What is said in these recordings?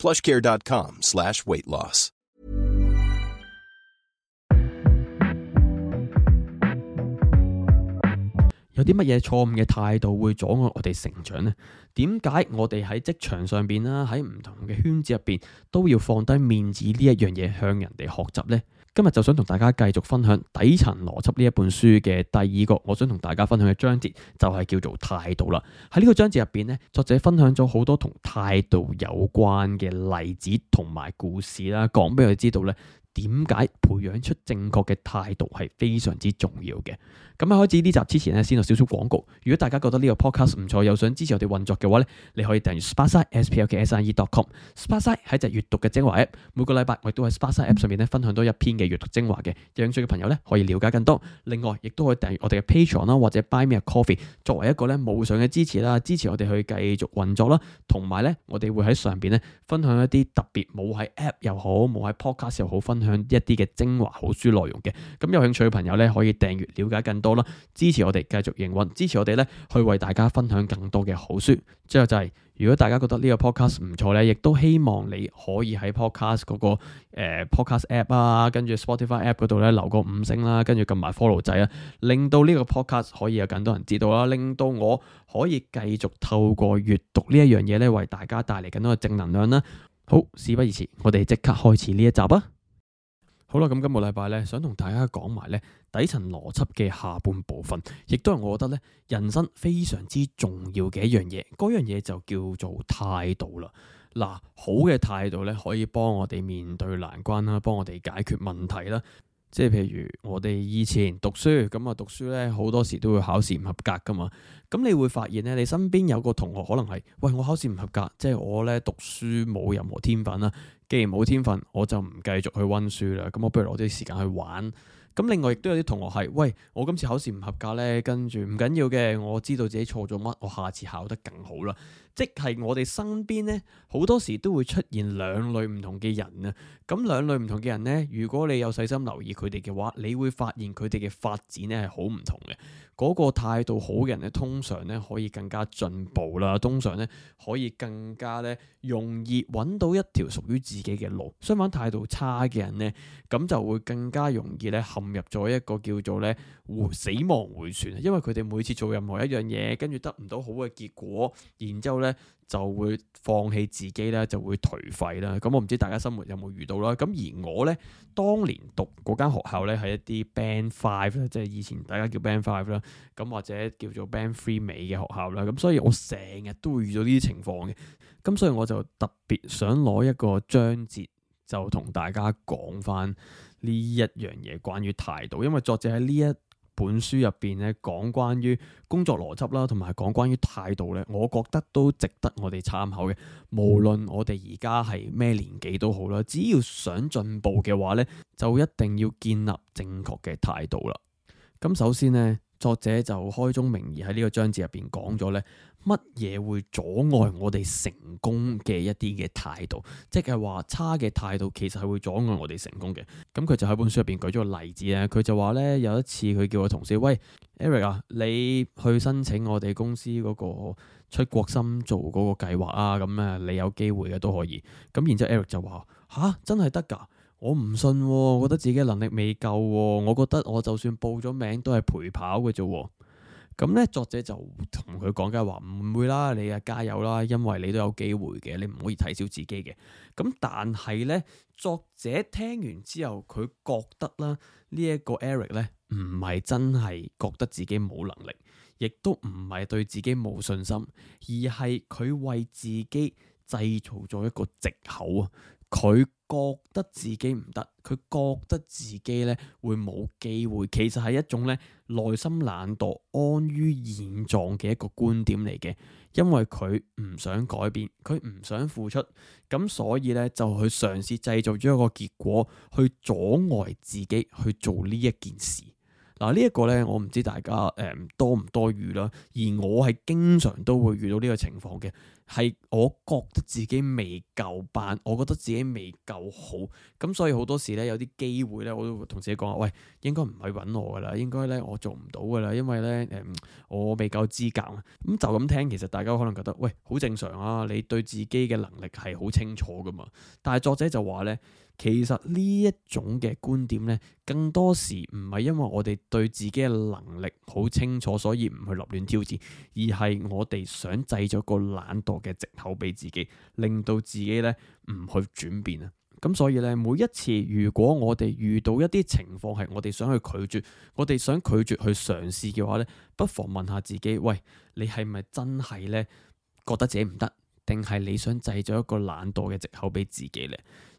Plushcare.com/slash/weightloss。有啲乜嘢錯誤嘅態度會阻礙我哋成長呢？點解我哋喺職場上邊啦，喺唔同嘅圈子入邊都要放低面子呢一樣嘢向人哋學習呢？今日就想同大家繼續分享《底層邏輯》呢一本書嘅第二個，我想同大家分享嘅章節就係叫做態度啦。喺呢個章節入邊咧，作者分享咗好多同態度有關嘅例子同埋故事啦，講俾佢哋知道呢。點解培養出正確嘅態度係非常之重要嘅？咁喺開始呢集之前咧，先做少少廣告。如果大家覺得呢個 podcast 唔錯，又想支持我哋運作嘅話咧，你可以訂閱 Sparksine，sparksine.com，Sparksine 係喺隻閱讀嘅精華 app。每個禮拜我亦都喺 Sparksine app 上面咧分享多一篇嘅閱讀精華嘅，有興趣嘅朋友咧可以了解更多。另外，亦都可以訂閱我哋嘅 Patreon 啦，或者 Buy Me A Coffee，作為一個咧網上嘅支持啦，支持我哋去繼續運作啦。同埋呢，我哋會喺上邊咧分享一啲特別冇喺 app 又好，冇喺 podcast 又好分。分享一啲嘅精華好書內容嘅咁有興趣嘅朋友咧，可以訂閱了解更多啦。支持我哋繼續營運，支持我哋咧去為大家分享更多嘅好書。之後就係如果大家覺得呢個 podcast 唔錯咧，亦都希望你可以喺 podcast 嗰個誒 podcast app 啊，跟住 spotify app 嗰度咧留個五星啦，跟住撳埋 follow 仔啊，令到呢個 podcast 可以有更多人知道啦，令到我可以繼續透過閱讀呢一樣嘢咧，為大家帶嚟更多嘅正能量啦。好，事不宜遲，我哋即刻開始呢一集啊！好啦，咁今個禮拜咧，想同大家講埋咧底層邏輯嘅下半部分，亦都係我覺得咧，人生非常之重要嘅一樣嘢。嗰樣嘢就叫做態度啦。嗱，好嘅態度咧，可以幫我哋面對難關啦，幫我哋解決問題啦。即係譬如我哋以前讀書咁啊，讀書咧好多時都會考試唔合格噶嘛。咁你會發現咧，你身邊有個同學可能係，喂，我考試唔合格，即係我咧讀書冇任何天分啦。既然冇天分，我就唔繼續去溫書啦。咁我不如攞啲時間去玩。咁另外亦都有啲同學係，喂，我今次考試唔合格咧，跟住唔緊要嘅，我知道自己錯咗乜，我下次考得更好啦。即係我哋身邊咧，好多時都會出現兩類唔同嘅人啊！咁兩類唔同嘅人咧，如果你有細心留意佢哋嘅話，你會發現佢哋嘅發展咧係好唔同嘅。嗰個態度好嘅人咧，通常咧可以更加進步啦，通常咧可以更加咧容易揾到一條屬於自己嘅路。相反，態度差嘅人咧，咁就會更加容易咧陷入咗一個叫做咧死亡回旋，因為佢哋每次做任何一樣嘢，跟住得唔到好嘅結果，然之後。咧就會放棄自己咧，就會頹廢啦。咁我唔知大家生活有冇遇到啦。咁而我咧，當年讀嗰間學校咧，係一啲 Band Five 咧，即係以前大家叫 Band Five 啦，咁或者叫做 Band Three 尾嘅學校啦。咁所以我成日都會遇到呢啲情況嘅。咁所以我就特別想攞一個章節，就同大家講翻呢一樣嘢，關於態度，因為作者喺呢一本書入邊咧講關於工作邏輯啦，同埋講關於態度咧，我覺得都值得我哋參考嘅。無論我哋而家係咩年紀都好啦，只要想進步嘅話咧，就一定要建立正確嘅態度啦。咁首先呢。作者就開宗明義喺呢個章節入邊講咗咧，乜嘢會阻礙我哋成功嘅一啲嘅態度，即係話差嘅態度其實係會阻礙我哋成功嘅。咁佢就喺本書入邊舉咗個例子咧，佢就話咧，有一次佢叫我同事，喂，Eric 啊，你去申請我哋公司嗰個出國深造嗰個計劃啊，咁啊你有機會嘅都可以。咁然之後 Eric 就話吓、啊，真係得㗎。我唔信喎，我覺得自己能力未夠喎。我覺得我就算報咗名都係陪跑嘅啫喎。咁、嗯、咧，作者就同佢講解話唔會啦，你呀加油啦，因為你都有機會嘅，你唔可以睇小自己嘅。咁、嗯、但係咧，作者聽完之後，佢覺得啦，呢、這、一個 Eric 咧唔係真係覺得自己冇能力，亦都唔係對自己冇信心，而係佢為自己製造咗一個借口啊，佢。覺得自己唔得，佢覺得自己咧會冇機會，其實係一種咧內心懶惰、安於現狀嘅一個觀點嚟嘅，因為佢唔想改變，佢唔想付出，咁所以咧就去嘗試製造咗一個結果去阻礙自己去做呢一件事。嗱呢一個咧，我唔知大家誒、嗯、多唔多遇啦，而我係經常都會遇到呢個情況嘅，係我覺得自己未夠班，我覺得自己未夠好，咁所以好多時咧有啲機會咧，我都會同自己講，喂，應該唔係揾我噶啦，應該咧我做唔到噶啦，因為咧誒、嗯、我未夠資格啊。咁就咁聽，其實大家可能覺得，喂，好正常啊，你對自己嘅能力係好清楚噶嘛。但係作者就話咧。其實呢一種嘅觀點呢，更多時唔係因為我哋對自己嘅能力好清楚，所以唔去立亂挑戰，而係我哋想製造個懶惰嘅藉口俾自己，令到自己呢唔去轉變啊。咁所以呢，每一次如果我哋遇到一啲情況係我哋想去拒絕，我哋想拒絕去嘗試嘅話呢，不妨問下自己：「喂，你係咪真係呢覺得自己唔得，定係你想製造一個懶惰嘅藉口俾自己呢？」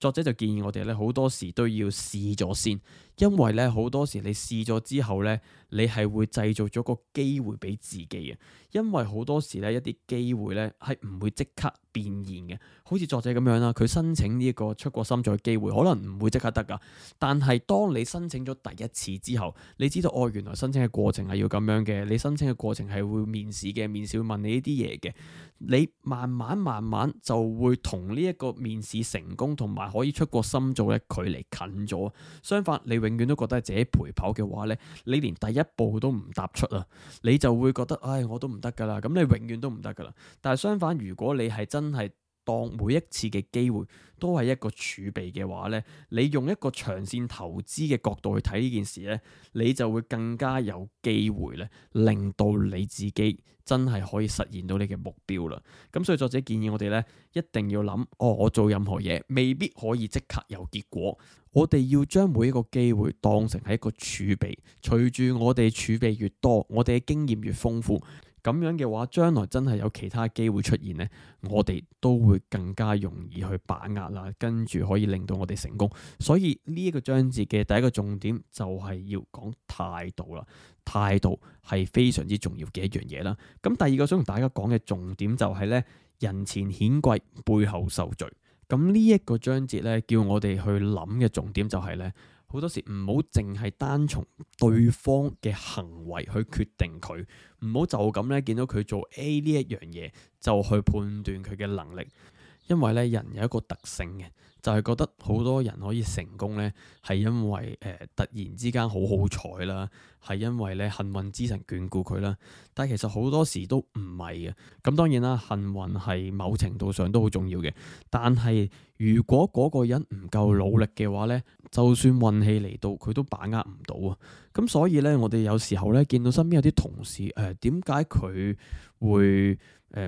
作者就建議我哋咧，好多時都要試咗先。因為咧好多時你試咗之後咧，你係會製造咗個機會俾自己嘅。因為好多時咧一啲機會咧係唔會即刻變現嘅。好似作者咁樣啦，佢申請呢一個出國深造嘅機會，可能唔會即刻得噶。但係當你申請咗第一次之後，你知道哦，原來申請嘅過程係要咁樣嘅。你申請嘅過程係會面試嘅，面試會問你呢啲嘢嘅。你慢慢慢慢就會同呢一個面試成功同埋可以出國深造嘅距離近咗。相反你，永遠都覺得係自己陪跑嘅話咧，你連第一步都唔踏出啊，你就會覺得，唉，我都唔得㗎喇，咁你永遠都唔得㗎喇。但係相反，如果你係真係，當每一次嘅機會都係一個儲備嘅話呢，你用一個長線投資嘅角度去睇呢件事呢，你就會更加有機會咧，令到你自己真係可以實現到你嘅目標啦。咁所以作者建議我哋呢，一定要諗，哦，我做任何嘢未必可以即刻有結果，我哋要將每一個機會當成係一個儲備，隨住我哋儲備越多，我哋嘅經驗越豐富。咁樣嘅話將來真係有其他機會出現呢，我哋都會更加容易去把握啦，跟住可以令到我哋成功。所以呢一個章節嘅第一個重點就係要講態度啦，態度係非常之重要嘅一樣嘢啦。咁第二個想同大家講嘅重點就係呢：人前顯貴，背後受罪。咁呢一個章節呢，叫我哋去諗嘅重點就係呢。好多時唔好淨係單從對方嘅行為去決定佢，唔好就咁咧見到佢做 A 呢一樣嘢，就去判斷佢嘅能力，因為咧人有一個特性嘅。就係覺得好多人可以成功咧，係因為誒、呃、突然之間好好彩啦，係因為咧幸運之神眷顧佢啦。但係其實好多時都唔係嘅。咁當然啦，幸運係某程度上都好重要嘅。但係如果嗰個人唔夠努力嘅話咧，就算運氣嚟到，佢都把握唔到啊。咁所以咧，我哋有時候咧見到身邊有啲同事誒，點解佢會誒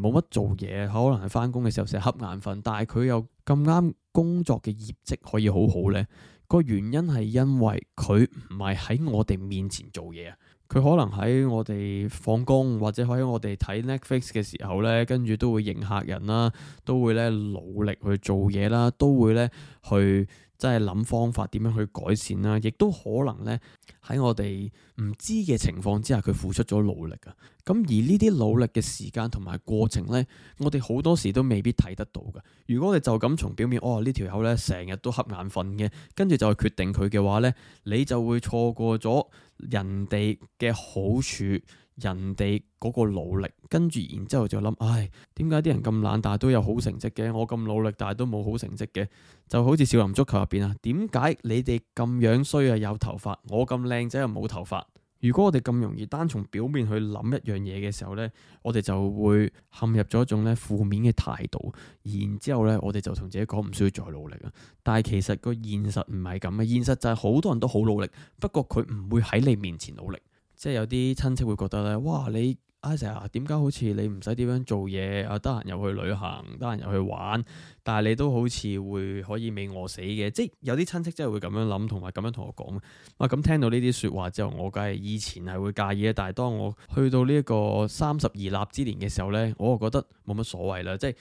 冇乜做嘢？可能係返工嘅時候成日瞌眼瞓，但係佢又咁啱工作嘅業績可以好好呢。個原因係因為佢唔係喺我哋面前做嘢啊，佢可能喺我哋放工或者喺我哋睇 Netflix 嘅時候呢，跟住都會迎客人啦，都會咧努力去做嘢啦，都會咧去。真係諗方法點樣去改善啦，亦都可能咧喺我哋唔知嘅情況之下，佢付出咗努力啊。咁而呢啲努力嘅時間同埋過程咧，我哋好多時都未必睇得到噶。如果你就咁從表面哦呢條友咧成日都瞌眼瞓嘅，跟住就去決定佢嘅話咧，你就會錯過咗人哋嘅好處。人哋嗰個努力，跟住然之後就諗，唉，點解啲人咁懶，但係都有好成績嘅？我咁努力，但係都冇好成績嘅，就好似少林足球入邊啊，點解你哋咁樣衰啊，有頭髮，我咁靚仔又冇頭髮？如果我哋咁容易單從表面去諗一樣嘢嘅時候呢，我哋就會陷入咗一種咧負面嘅態度，然之後呢，我哋就同自己講唔需要再努力啊。但係其實個現實唔係咁嘅，現實就係好多人都好努力，不過佢唔會喺你面前努力。即係有啲親戚會覺得咧，哇！你 Iser 啊，點解好似你唔使點樣做嘢啊？得閒又去旅行，得閒又去玩，但係你都好似會可以未餓死嘅。即係有啲親戚真係會咁樣諗，同埋咁樣同我講。啊，咁聽到呢啲説話之後，我梗係以前係會介意咧。但係當我去到呢一個三十而立之年嘅時候咧，我就覺得冇乜所謂啦。即係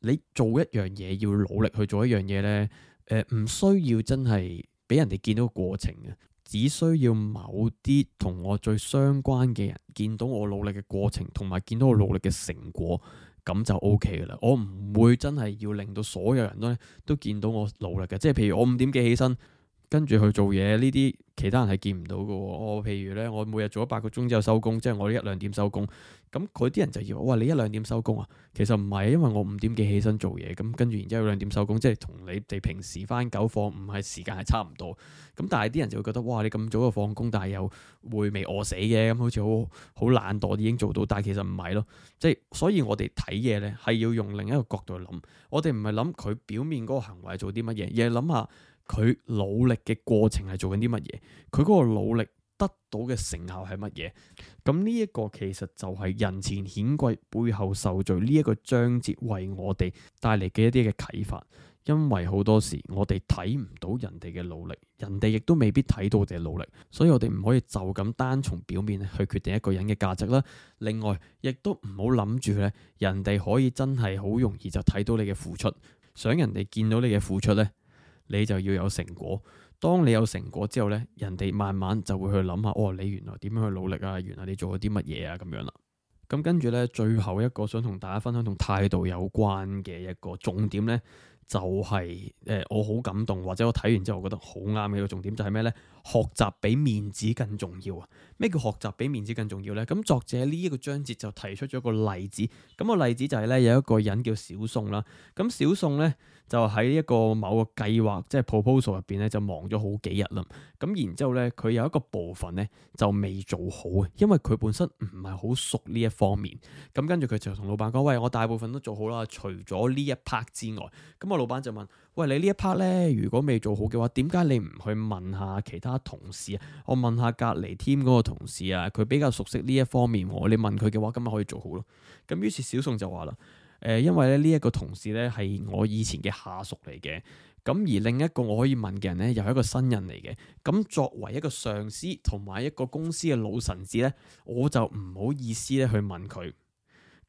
你做一樣嘢要努力去做一樣嘢咧，誒、呃、唔需要真係俾人哋見到個過程嘅。只需要某啲同我最相關嘅人見到我努力嘅過程，同埋見到我努力嘅成果，咁就 OK 噶啦。我唔會真係要令到所有人都都見到我努力嘅。即係譬如我五點幾起身，跟住去做嘢，呢啲其他人係見唔到嘅，哦。我、哦、譬如咧，我每日做咗八個鐘之後收工，即係我一兩點收工。咁佢啲人就以為，哇！你一兩點收工啊？其實唔係，因為我五點幾起身做嘢，咁跟住然之後兩點收工，即係同你哋平時返九放五係時間係差唔多。咁但係啲人就會覺得，哇！你咁早就放工，但係又會未餓死嘅，咁好似好好懶惰已經做到，但係其實唔係咯。即係所以我哋睇嘢咧，係要用另一個角度去諗。我哋唔係諗佢表面嗰個行為做啲乜嘢，而係諗下。佢努力嘅過程係做緊啲乜嘢？佢嗰個努力得到嘅成效係乜嘢？咁呢一個其實就係人前顯貴，背後受罪呢一個章節，為我哋帶嚟嘅一啲嘅啟發。因為好多時我哋睇唔到人哋嘅努力，人哋亦都未必睇到我哋嘅努力，所以我哋唔可以就咁單從表面去決定一個人嘅價值啦。另外，亦都唔好諗住咧，人哋可以真係好容易就睇到你嘅付出，想人哋見到你嘅付出咧。你就要有成果。當你有成果之後咧，人哋慢慢就會去諗下，哦，你原來點樣去努力啊，原來你做咗啲乜嘢啊，咁樣啦。咁跟住咧，最後一個想同大家分享同態度有關嘅一個重點咧，就係誒、呃、我好感動，或者我睇完之後我覺得好啱嘅一個重點就係咩咧？學習比面子更重要啊！咩叫學習比面子更重要呢？咁作者呢一個章節就提出咗個例子，咁個例子就係呢：有一個人叫小宋啦，咁小宋呢，就喺一個某個計劃即係 proposal 入邊呢，就忙咗好幾日啦，咁然之後咧佢有一個部分呢，就未做好，啊，因為佢本身唔係好熟呢一方面，咁跟住佢就同老闆講：喂，我大部分都做好啦，除咗呢一 part 之外，咁我老闆就問：喂，你呢一 part 呢？如果未做好嘅話，點解你唔去問下其他同事啊，我問下隔籬 team 嗰個同事啊，佢比較熟悉呢一方面我，你問佢嘅話，咁咪可以做好咯。咁於是小宋就話啦，誒、呃，因為咧呢一個同事咧係我以前嘅下屬嚟嘅，咁而另一個我可以問嘅人咧又係一個新人嚟嘅，咁作為一個上司同埋一個公司嘅老臣子咧，我就唔好意思咧去問佢。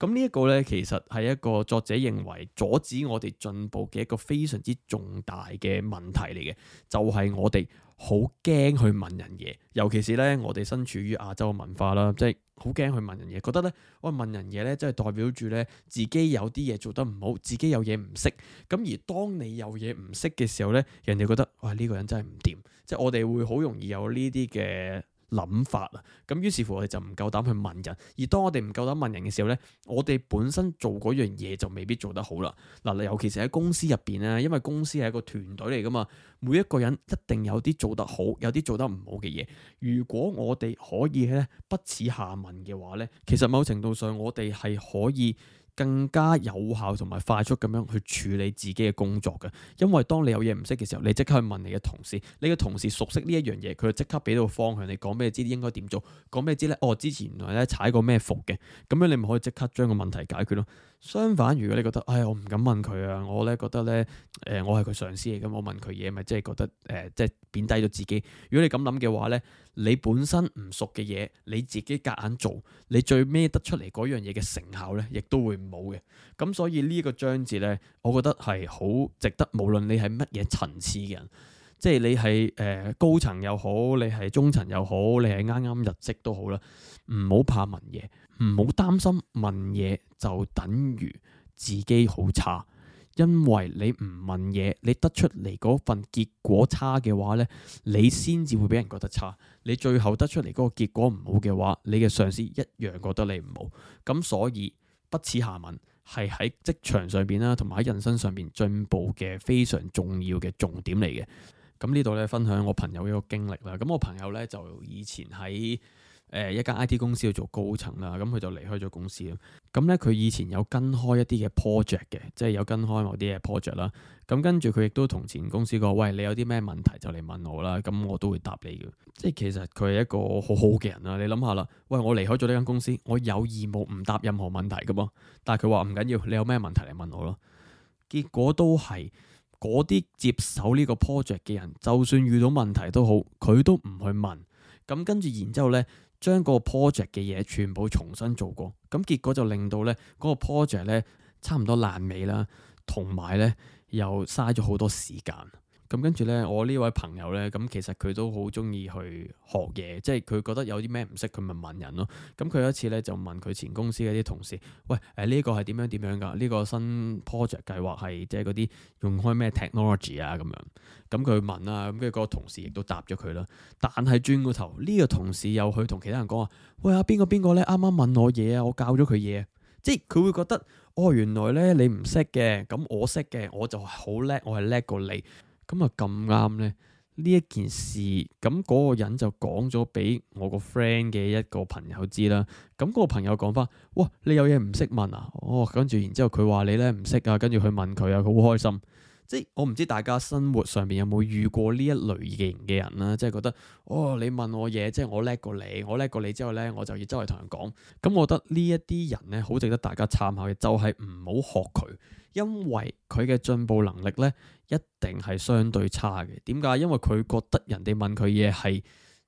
咁呢一個咧，其實係一個作者認為阻止我哋進步嘅一個非常之重大嘅問題嚟嘅，就係我哋好驚去問人嘢，尤其是咧我哋身處於亞洲嘅文化啦，即係好驚去問人嘢，覺得咧，哇問人嘢咧，即係代表住咧自己有啲嘢做得唔好，自己有嘢唔識。咁而當你有嘢唔識嘅時候咧，人哋覺得哇呢個人真係唔掂，即係我哋會好容易有呢啲嘅諗法啊，咁於是乎我哋就唔夠膽去問人，而當我哋唔夠膽問人嘅時候咧，我哋本身做嗰樣嘢就未必做得好啦。嗱，尤其係喺公司入邊咧，因為公司係一個團隊嚟噶嘛，每一個人一定有啲做得好，有啲做得唔好嘅嘢。如果我哋可以咧不恥下問嘅話咧，其實某程度上我哋係可以。更加有效同埋快速咁樣去處理自己嘅工作嘅，因為當你有嘢唔識嘅時候，你即刻去問你嘅同事，你嘅同事熟悉呢一樣嘢，佢就即刻俾到個方向，你講俾你知應該點做，講俾你知咧，哦之前原來咧踩過咩伏嘅，咁樣你咪可以即刻將個問題解決咯。相反，如果你覺得，唉，我唔敢問佢啊，我咧覺得咧，誒、呃，我係佢上司嚟。咁我問佢嘢，咪即係覺得，誒、呃，即係貶低咗自己。如果你咁諗嘅話咧，你本身唔熟嘅嘢，你自己夾硬做，你最咩得出嚟嗰樣嘢嘅成效咧，亦都會冇嘅。咁所以呢個章節咧，我覺得係好值得，無論你係乜嘢層次嘅人，即係你係誒高層又好，你係中層又好，你係啱啱入職都好啦，唔好怕問嘢。唔好擔心問嘢就等於自己好差，因為你唔問嘢，你得出嚟嗰份結果差嘅話呢，你先至會俾人覺得差。你最後得出嚟嗰個結果唔好嘅話，你嘅上司一樣覺得你唔好。咁所以，不恥下問係喺職場上邊啦，同埋喺人生上邊進步嘅非常重要嘅重點嚟嘅。咁呢度咧分享我朋友一個經歷啦。咁我朋友呢，就以前喺。誒、呃、一間 I T 公司要做高層啦，咁佢就離開咗公司啦。咁咧佢以前有跟開一啲嘅 project 嘅，即係有跟開某啲嘅 project 啦。咁跟住佢亦都同前公司講：喂，你有啲咩問題就嚟問我啦，咁我都會答你嘅。即係其實佢係一個好好嘅人啦。你諗下啦，喂，我離開咗呢間公司，我有義務唔答任何問題噶噃。但係佢話唔緊要，你有咩問題嚟問我咯。結果都係嗰啲接手呢個 project 嘅人，就算遇到問題都好，佢都唔去問。咁跟住然之後咧，將嗰個 project 嘅嘢全部重新做過，咁結果就令到呢嗰個 project 呢，差唔多爛尾啦，同埋呢又嘥咗好多時間。咁跟住咧，我呢位朋友咧，咁其實佢都好中意去學嘢，即係佢覺得有啲咩唔識，佢咪問人咯。咁佢有一次咧就問佢前公司嗰啲同事，喂誒呢個係點樣點樣㗎？呢個新 project 計劃係即係嗰啲用開咩 technology 啊？咁樣咁佢問啊，咁跟住個同事亦都答咗佢啦。但係轉個頭，呢個同事又去同其他人講話，喂啊邊個邊個咧啱啱問我嘢啊，我教咗佢嘢，即係佢會覺得哦原來咧你唔識嘅，咁我識嘅，我就好叻，我係叻過你。咁啊咁啱咧，呢一件事咁嗰、那個人就講咗俾我個 friend 嘅一個朋友知啦。咁、那、嗰個朋友講返：哇，你有嘢唔識問啊？哦，跟住然之後佢話你咧唔識啊，跟住去問佢啊，佢好開心。即係我唔知大家生活上面有冇遇過呢一類型嘅人啦、啊，即係覺得，哦，你問我嘢，即係我叻過你，我叻過你，你之後咧，我就要周圍同人講。咁、嗯、我覺得呢一啲人咧，好值得大家參考嘅，就係唔好學佢。因為佢嘅進步能力呢，一定係相對差嘅。點解？因為佢覺得人哋問佢嘢係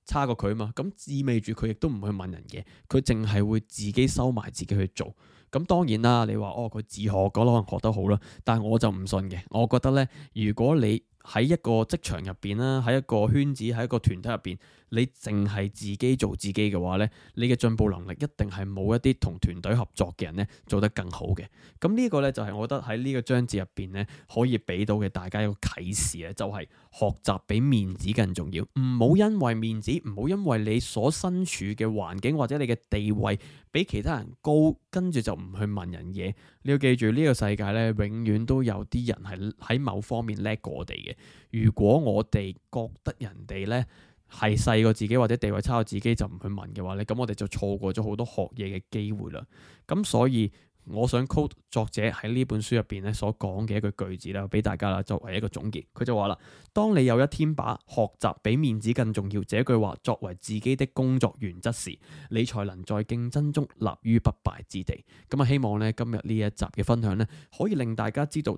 差過佢嘛。咁意味住佢亦都唔會問人嘢，佢淨係會自己收埋自己去做。咁、嗯、當然啦，你話哦，佢自學嗰可能學得好啦，但係我就唔信嘅。我覺得呢，如果你喺一個職場入邊啦，喺一個圈子，喺一個團體入邊。你淨係自己做自己嘅話呢，你嘅進步能力一定係冇一啲同團隊合作嘅人呢，做得更好嘅。咁呢個呢，就係我覺得喺呢個章節入邊呢，可以俾到嘅大家一個啟示啊，就係學習比面子更重要。唔好因為面子，唔好因為你所身處嘅環境或者你嘅地位比其他人高，跟住就唔去問人嘢。你要記住，呢個世界呢，永遠都有啲人係喺某方面叻過我哋嘅。如果我哋覺得人哋呢……係細過自己或者地位差過自己就唔去問嘅話咧，咁我哋就錯過咗好多學嘢嘅機會啦。咁所以我想 quote 作者喺呢本書入邊咧，所講嘅一句句子啦，俾大家啦作為一個總結。佢就話啦：「當你有一天把學習比面子更重要這句話作為自己的工作原則時，你才能在競爭中立於不敗之地。咁啊，希望咧今日呢一集嘅分享咧，可以令大家知道。